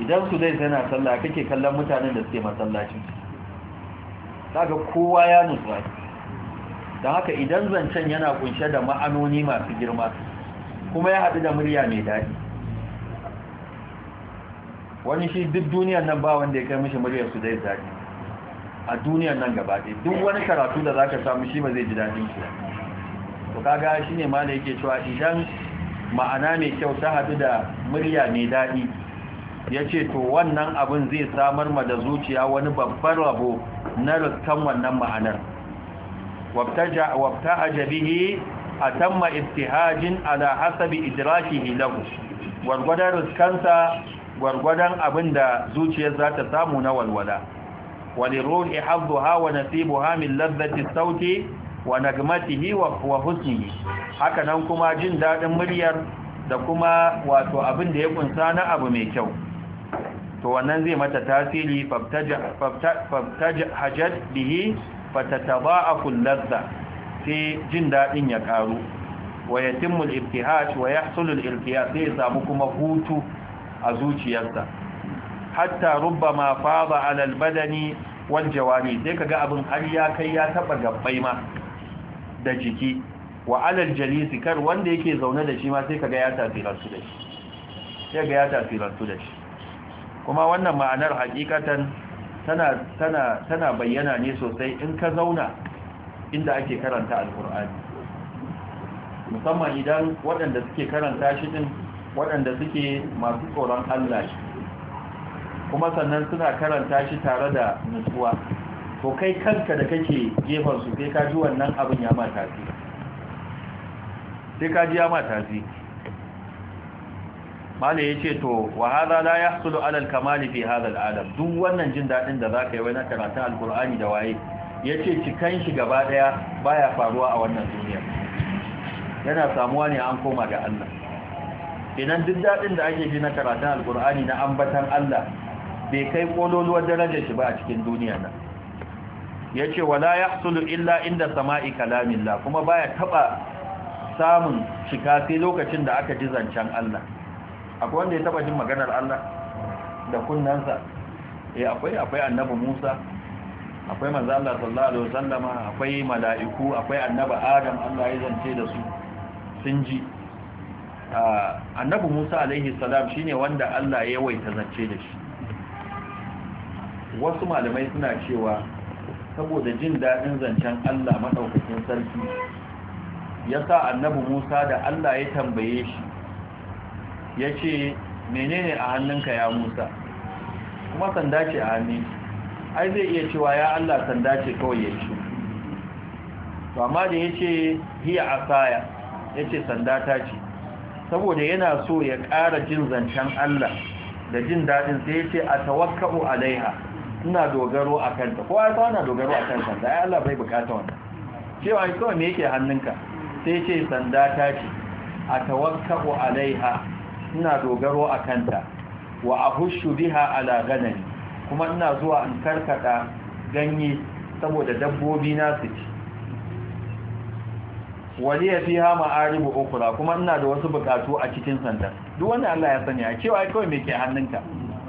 B: idan su dai yana sallah kake kallon mutanen da suke masallacin kaga kowa ya nutsu don haka idan zancen yana kunshe da ma'anoni masu girma kuma ya haɗu da murya mai daɗi wani shi duk duniyan nan ba wanda ya kai mishi murya su zai daɗi a duniyan nan gaba ɗaya duk wani karatu da za ka samu shi ba zai ji daɗin shi to kaga ne ma da yake cewa idan ma'ana mai kyau ta haɗu da murya mai daɗi ya ce to wannan abin zai samar ma da zuciya wani babbar rabo na rikan wannan ma'anar وابتهج به أتم ابتهاج على حسب إدراكه له والغدا رزقنسا والغدا أبند زوجي الزات سامنا والولا وللروح حظها ونسيبها من لذة الصوت ونقمته وحسنه هكذا كما جن داد مريار da kuma wato abin da ya kunsa na abu mai kyau to wannan zai mata tasiri fabtaja hajjat bihi a ladza sai jin daɗin ya ƙaru. wa yatimmu al-ibtihaj wa yahsulu al-irtiyaq samu kuma hutu a zuciyarsa hatta rubbama faza ala al-badani wal jawani sai kaga abin har ya kai ya taba gabbai ma da jiki wa jalisi kar wanda yake zaune da shi ma sai kaga ya tafiransu da shi kuma wannan ma'anar hakikatan tana bayyana ne sosai in ka zauna inda ake karanta alkur'ani musamman idan waɗanda suke karanta shi din waɗanda suke masu tsoron Allah shi kuma sannan suna karanta shi tare da nutsuwa to kai kanka da kake gefen su sai ka ji wannan abin ya mata sai ka ji ya mata malai ce to wa hadha la yahsulu ala al fi hadha al duk wannan jin daɗin da zaka yi wani karatu al-qur'ani da waye ce cikan shi gaba daya baya faruwa a wannan duniya yana samuwa ne an koma ga Allah idan duk daɗin da ake ji na karatun alkur'ani na ambatan Allah bai kai kololuwar darajar shi ba a cikin duniya nan yace wala yahsulu illa inda sama'i La, kuma baya taɓa samun cika sai lokacin da aka ji zancen Allah akwai wanda ya taba jin maganar Allah da kunnansa eh akwai akwai annabi Musa akwai manzo Allah sallallahu alaihi wasallama akwai mala'iku akwai annabi Adam Allah ya zance da su sun ji ah, annabi Musa alaihi salam shine wanda Allah ya waita zance da shi wasu malamai suna cewa saboda jin dadin zancen Allah madaukakin sarki ya sa annabi Musa da Allah ya tambaye shi ya ce menene a hannunka ya musa kuma sanda ce a hannun ai zai iya cewa ya allah sanda ce kawai ya ce to amma da ya ce hiya asaya ya ce sanda ta ce saboda yana so ya ƙara jin zancen allah da jin daɗin sai ya ce a tawakka'u alaiha ina dogaro a kanta ko ya sa na dogaro a kanta da ya allah bai bukata wannan cewa kawai me yake hannunka sai ce sanda ta ce a tawakka'u alaiha ina dogaro a kanta wa ahushu biha ala ganani kuma ina zuwa in karkata ganye saboda dabbobi na su ci Wani ya Hama a ma'aribu okura kuma ina da wasu bukatu a cikin sanda duk wani Allah ya sani a cewa ya kawai me ke hannunka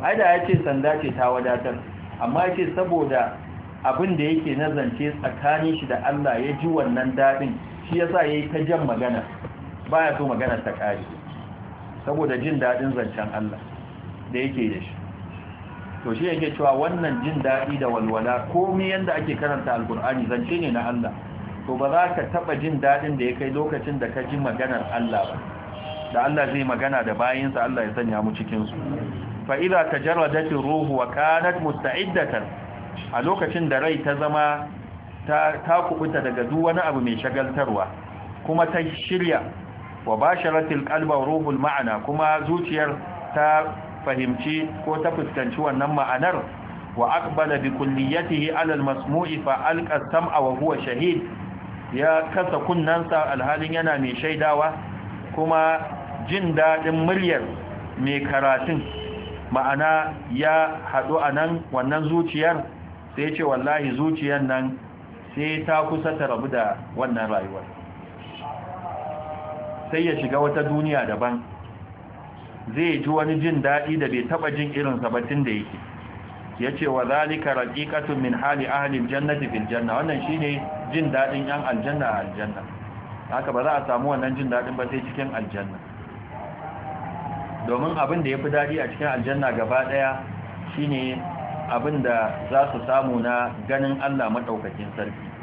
B: ai da ce sanda ce ta wadatar amma yace saboda abin da yake nazance tsakanin shi da Allah ya ji wannan daɗin, shi ya yasa yayi ta jan magana Ba ya so magana ta kare saboda jin daɗin zancen Allah da yake da shi to shi yake cewa wannan jin daɗi da walwala komai yanda ake karanta alkur'ani zance ne na Allah to ba za ka taɓa jin daɗin da ya kai lokacin da ka ji maganar Allah ba da Allah zai magana da bayinsa Allah ya sanya mu cikinsu fa'ila ta jaradatin ruhu wa kanat musta'iddatan a lokacin da rai ta zama ta kuɓuta daga duk wani abu mai shagaltarwa kuma ta shirya wa basharatil qalba ruhul ma'ana kuma zuciyar ta fahimci ko ta fuskanci wannan ma'anar wa aqbala bi kulliyatihi ala al-masmu'i fa alqa sam'a wa huwa shahid ya kasa kunnansa alhalin yana mai shaidawa kuma jin dadin muryar mai karatun ma'ana ya haɗu a nan wannan zuciyar sai ce wallahi zuciyar nan sai ta kusa ta rabu da wannan rayuwar sai ya shiga wata duniya daban zai ji wani jin daɗi da bai taɓa jin irin sabatin da yake ya ce wa zalika raƙiƙatun min hali ahalin jannati fil janna wannan shine jin daɗin yan aljanna a aljanna haka ba za a samu wannan jin daɗin ba sai cikin aljanna domin abin da ya fi daɗi a cikin aljanna gaba ɗaya shine abin da za su samu na ganin allah maɗaukakin sarki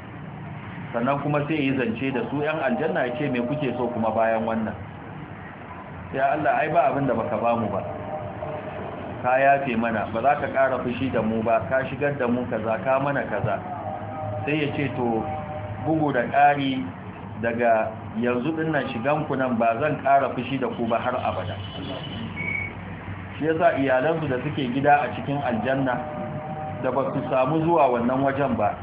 B: sannan kuma sai yi zance da su ‘yan aljanna ya ce mai kuke so kuma bayan wannan ya Allah ai ba abin da baka bamu ba ka yafe mana ba za ka ƙara fushi da mu ba ka shigar da mu kaza ka mana kaza sai ya ce to bugu da ƙari daga yanzu dinnan shiganku nan ba zan ƙara fushi da ku ba har abada shi yasa iyalansu da suke gida a cikin aljanna da ba su samu zuwa wannan wajen ba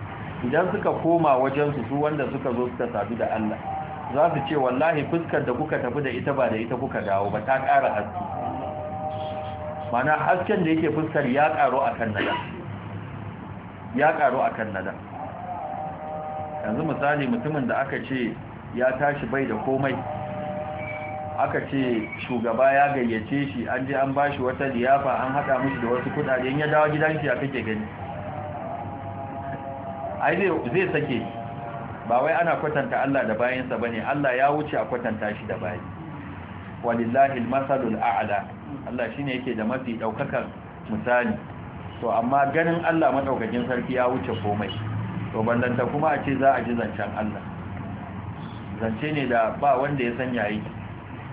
B: idan suka koma wajensu su wanda suka zo suka sadu da Allah za su ce wallahi fuskar da kuka tafi da ita ba da ita kuka dawo ba ta ƙara haske mana hasken da yake fuskar ya ƙaro a kan nada ya ƙaro a kan nada yanzu misali mutumin da aka ce ya tashi bai da komai aka ce shugaba ya gayyace shi an je an bashi wata liyafa an haɗa mushi da wasu kuɗaɗe ya dawo gidan shi ya kake gani ai zai sake ba wai ana kwatanta Allah da bayansa bane Allah ya wuce a kwatanta shi da bayi walillahi al-masalul a'la Allah shine yake da mafi daukakar misali to amma ganin Allah madaukakin sarki ya wuce komai to bandanta kuma a ce za a ji zancen Allah zance ne da ba wanda ya sanya yi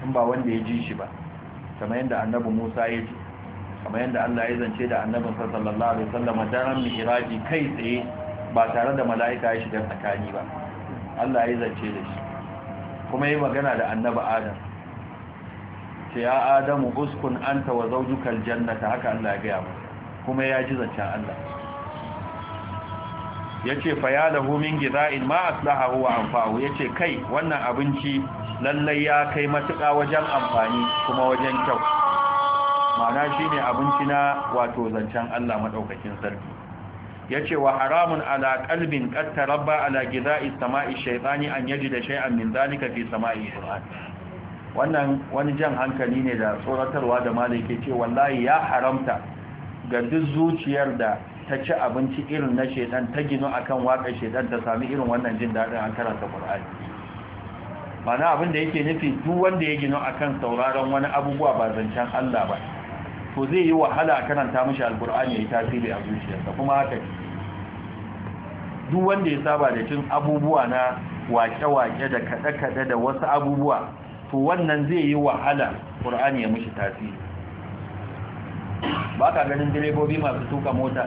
B: in ba wanda ya ji shi ba kamar yadda annabi Musa ya ji kamar yadda Allah ya zance da annabinsa sallallahu alaihi wasallam daren mi'raji kai tsaye ba tare da mala'ika ya shiga tsakani ba Allah ya zance da shi kuma yi magana da annaba adam ce ya adamu uskun anta wa zaujukal jannata haka Allah ya gaya masa kuma ya ji zancen Allah ya ce faya da homin gida’in ma aslahahu wa amfahu ya ce kai wannan abinci lallai ya kai matuƙa wajen amfani kuma wajen kyau ma'ana shine abinci na wato zancen Allah maɗaukakin sarki Ya wa haramun ala qalbin qad tarabba ala gida'i sama'i shaytani an da shay'an min zalika fi sama'i qur'an wannan wani jan hankali ne da tsoratarwa da malai ke ce wallahi ya haramta ga duk zuciyar da ta ci abinci irin na shaidan ta gino kan waka shaidan ta sami irin wannan jin daɗin an karanta qur'ani mana abin da yake nufi duk wanda ya gino akan sauraron wani abubuwa ba zancen Allah ba to zai yi wahala a karanta mashi alkur'ani ya yi tasiri a zuciyarsa kuma haka duk wanda ya saba da cin abubuwa na wake-wake da kaɗe-kaɗe da wasu abubuwa to wannan zai yi wahala ƙur'ani ya mashi tasiri ba ka ganin direbobi masu tuka mota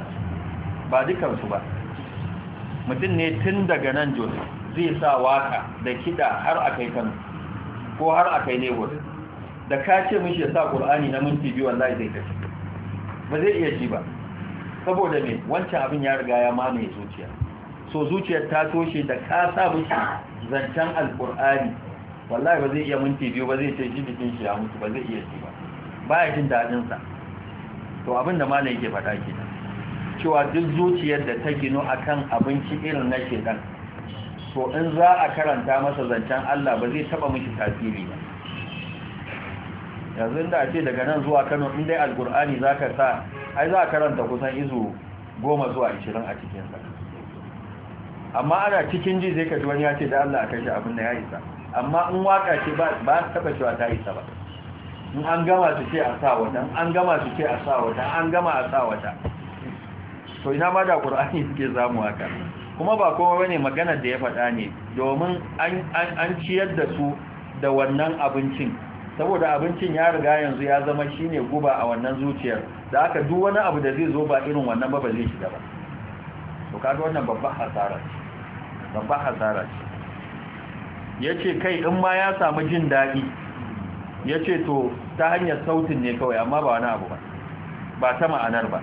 B: ba dukansu ba mutum ne tun daga nan jos zai sa waka da kiɗa har a kai kano ko har a kai lagos da ka ce mishi ya sa ƙur'ani na minti biyu wallahi zai kashi ba zai iya ji ba saboda me wancan abin ya riga ya mamaye zuciya so zuciyar ta toshe da ka sa mishi zancen alƙur'ani wallahi ba zai iya minti biyu ba zai ce ji jikin shi ya mutu ba zai iya ji ba ba ya jin daɗin sa to abin da malam yake faɗa kenan cewa duk zuciyar da ta gino akan abinci irin na shedan to in za a karanta masa zancen Allah ba zai taba mishi tasiri ba yanzu inda ce daga nan zuwa kano in dai alkur'ani za ka sa ai za a karanta kusan izu goma zuwa ishirin a cikinsa amma ana cikin ji zai kaji wani ya ce da allah a kashe abin da ya isa amma in waka ce ba taba cewa ta isa ba in an gama su ce a sa wata an gama su ce a sa wata an gama a sa wata to ina ma da ƙur'ani suke zamu haka kuma ba kowa wani maganar da ya faɗa ne domin an ciyar da su da wannan abincin saboda abincin ya riga yanzu ya zama shine guba a wannan zuciyar da aka duk wani abu da zai zo ba irin wannan ba zai shiga ba to kaga wannan babban hasara ce babban hasara ce yace kai in ma ya samu jin dadi yace to ta hanyar sautin ne kawai amma ba wani abu ba ba ta ma'anar ba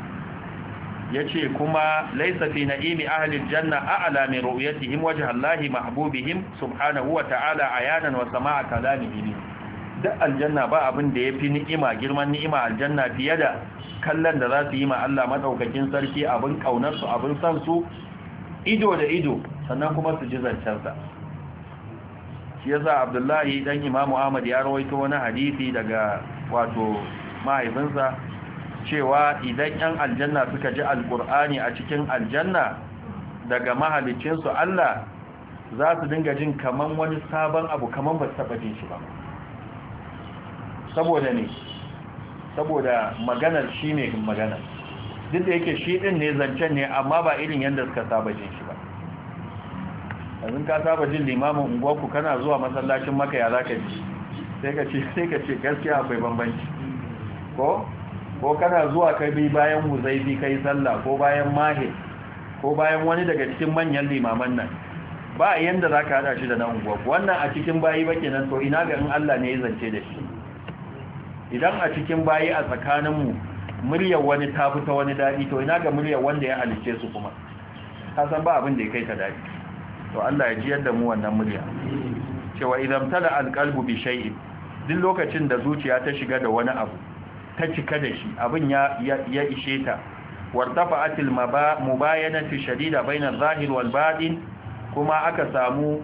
B: yace kuma laysa fi na'imi ahli aljanna a'la min ru'yatihim wajha Allahi mahbubihim subhanahu wa ta'ala ayanan wa sama'a kalamihi duk aljanna ba abin da ya fi ni'ima girman ni'ima aljanna fiye da kallon da za su yi ma Allah maɗaukakin sarki abin ƙaunarsu abin san su ido da ido sannan kuma su ji zancensa shi yasa abdullahi dan imamu ahmad ya rawaito wani hadisi daga wato mahaifinsa cewa idan yan aljanna suka ji alkur'ani a cikin aljanna daga mahalicinsu Allah za su dinga jin kamar wani sabon abu kaman ba su taɓa jin shi ba saboda ne saboda maganar shi ne maganar duk da yake shi din ne zancen ne amma ba irin yadda suka saba jin shi ba yanzu ka saba jin limamin unguwarku kana zuwa masallacin maka ya zaka ji sai ka ce sai ka ce gaskiya akwai bambanci ko ko kana zuwa kai bi bayan huzaifi kai sallah ko bayan mahe ko bayan wani daga cikin manyan limaman nan ba yanda ka hada shi da na unguwarku wannan a cikin bayi ba kenan to ina ga in Allah ne ya zance da shi idan a cikin bayi a tsakaninmu muryar wani ta fita wani daɗi to ina ga muryar wanda ya halice su kuma ka san ba abin da ya kai ta daɗi to Allah ya ji yadda mu wannan murya cewa idan tala alqalbu bi shay'in duk lokacin da zuciya ta shiga da wani abu ta cika da shi abin ya ya ishe ta wartafa'atil mubayanatu shadida bainal zahir wal batin kuma aka samu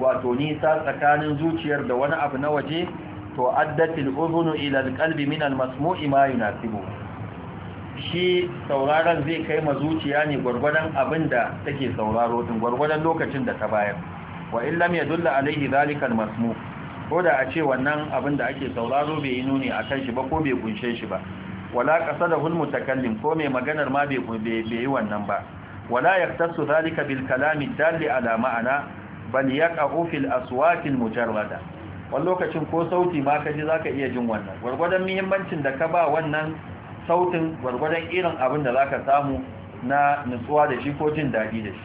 B: wato nisa tsakanin zuciyar da wani abu na waje to addatil uzunu ila alqalbi min almasmu'i ma yunasibu shi sauraron zai kai ma zuciya ne gurgurdan abinda take sauraro din gurgurdan lokacin da ta bayar wa in lam yadulla alayhi zalika almasmu ko da a ce wannan abinda ake sauraro bai yi nuni akan shi ba ko bai kunshe shi ba wala qasadahu almutakallim ko mai maganar ma bai yi wannan ba wala yaktasu zalika bil kalami dalli ala ma'ana bal yaqa'u fil aswaqil mujarrada wani lokacin ko sauti ma ka ji za ka iya jin wannan gwargwadon muhimmancin da ka ba wannan sautin gwargwadon irin abin da za ka samu na nutsuwa da shi ko jin daɗi da shi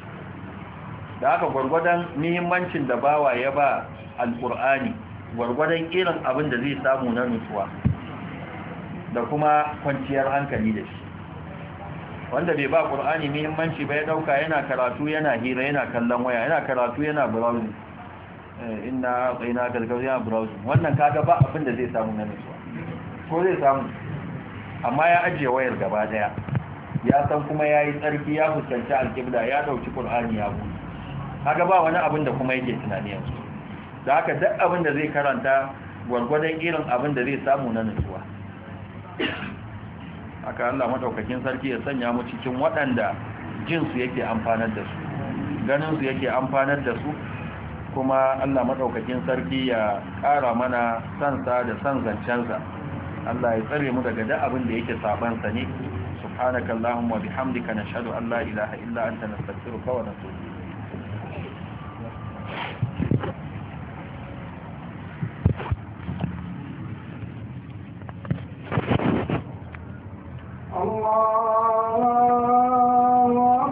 B: da haka gwargwadon muhimmancin da bawa ya ba alƙur'ani gwargwadon irin abin da zai samu na nutsuwa da kuma kwanciyar hankali da shi wanda bai ba ƙur'ani muhimmanci ba ya ɗauka yana karatu yana hira yana kallon waya yana karatu yana browsing Eh, inna na gargajiya browsing wannan kaga ba abin da zai samu na nutsuwa ko zai samu amma ya ajiye wayar gaba daya ya san kuma yayi tsarki ya fuskanci alkibla ya dauki qur'ani ya bu kaga ba wani abin da kuma yake tunani yanzu da haka duk abin da zai karanta gwargwadon irin abin da zai samu na nutsuwa Aka Allah madaukakin sarki ya sanya mu cikin waɗanda jinsu yake amfanar da su ganin su yake amfanar da su kuma Allah maɗaukakin sarki ya ƙara mana sansa da san zancensa Allah ya tsare mu daga da abin da yake sabansa ne subhanaka allahumma bihamdika nashhadu an la ilaha illa anta nastaghfiruka wa natubu
A: Allah